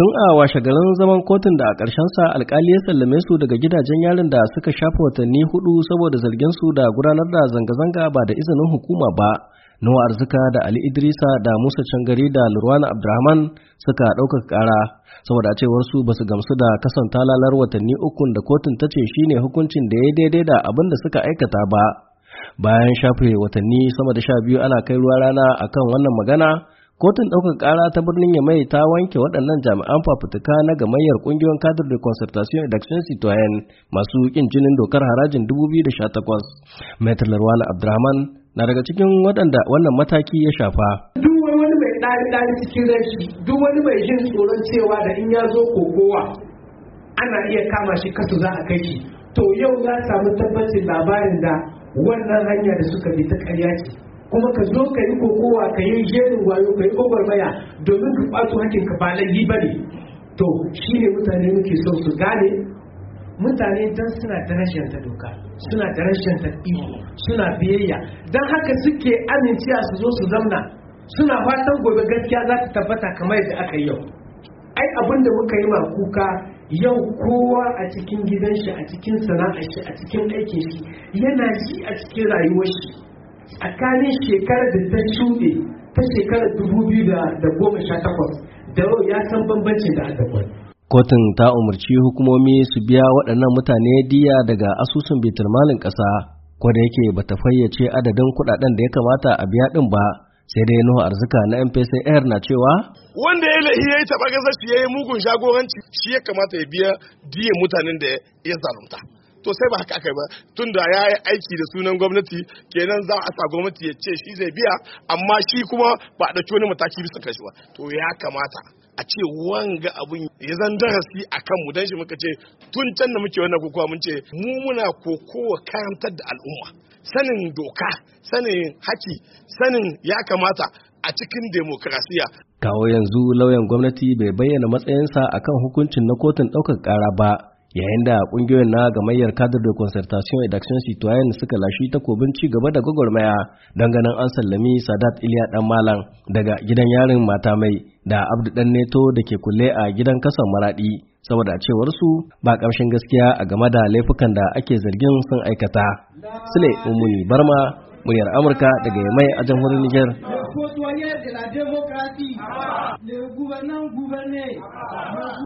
tun a washegarin zaman kotun da a sa, alkali ya sallame su daga gidajen yarin da suka shafa watanni hudu saboda zargin su da gudanar da zanga-zanga ba da izinin hukuma ba Nuwa Arzika da Ali Idrisa da Musa Cangari da Lurwana Abdurrahman suka ɗaukaka ƙara saboda a cewar su basu gamsu da kasanta lalar watanni ukun da kotun ta ce shine hukuncin da ya yi daidai da abin da suka aikata ba. Bayan shafe watanni sama da sha biyu ana kai ruwa rana akan wannan magana, Kotun ɗaukar ƙara ta birnin Yamai ta wanke waɗannan jami'an fafutuka na gamayyar ƙungiyoyin kadar de concertation et d'action citoyenne masu ƙin jinin dokar harajin 2018. Maitre Larwana Abdurrahman na daga cikin waɗanda wannan mataki ya shafa. Duk wani mai cikin rashi, duk wani mai jin tsoron cewa da in ya zo kokowa ana iya kama shi kasu za a kai to yau za samu tabbacin labarin da wannan hanya da suka bi ta ƙarya ce. kuma ka zo ka yi kokowa ka yi jerin wayo ka yi gwagwarmaya domin ka ɓato hakin ka ba yi ba to shi ne mutane muke son su gane mutane don suna da rashin ta doka suna da rashin ta iko suna biyayya don haka suke amincewa su zo su zamna suna fatan gobe gaskiya za ta tabbata kamar yadda aka yi yau ai abin da muka yi ma kuka yau kowa a cikin gidan shi a cikin sana'ar shi a cikin aikin shi yana ji a cikin rayuwar shi tsakanin shekarar da ta shuɗe ta shekarar dubu biyu da yau ya san bambancin da adabar. kotun ta umarci hukumomi su biya waɗannan mutane diya daga asusun malin ƙasa ko da yake bata fayyace adadin kuɗaɗen da ya kamata a biya ɗin ba sai dai nuhu arzika na mpc air na cewa wanda ya lahi ya yi taɓa gasa shi ya yi mugun shagoranci shi ya kamata ya biya diya mutanen da ya zalunta to sai ba haka aka ba tunda ya yi aiki da sunan gwamnati kenan za a sa gwamnati ya ce shi zai biya amma shi kuma ba a ɗauki wani mataki bisa kashi ba to ya kamata a ce wanga abun ya zan darasi a kanmu don shi muka ce tun can da muke wannan kokowa mun ce mu muna kokowa karantar da al'umma sanin doka sanin haki sanin ya kamata a cikin demokrasiya kawo yanzu lauyan gwamnati bai bayyana matsayinsa akan hukuncin na kotun ɗaukar ƙara ba yayin da kungiyoyin na gamayyar kadar da concertation et d'action citoyenne suka lashi takobin ci gaba da gwagwarmaya don ganin an sallami sadat iliya dan malam daga gidan yarin mata mai da abdu dan neto da ke kulle a gidan kasan maradi saboda cewar su ba kamshin gaskiya a game da laifukan da ake zargin sun aikata sule umuni barma muryar amurka daga yamai a jamhuriyar niger